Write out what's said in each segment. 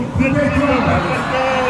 Thank you.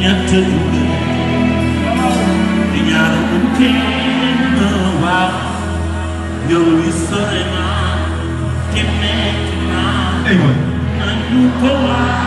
ñett di ñaanu bu kenn waaw yow li sore naa te nekk naa nañu ko waaw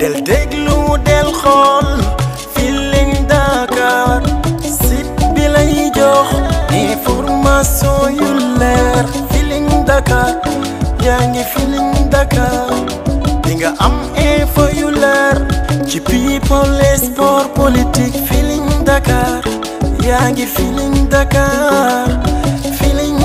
del déglu del xool Feeling Dakar site bi lay jox yu leer Feeling Dakar yaa ngi Feeling Dakar nga am yu leer ci people et sport politique Feeling Dakar yaa ngi Feeling Dakar Feeling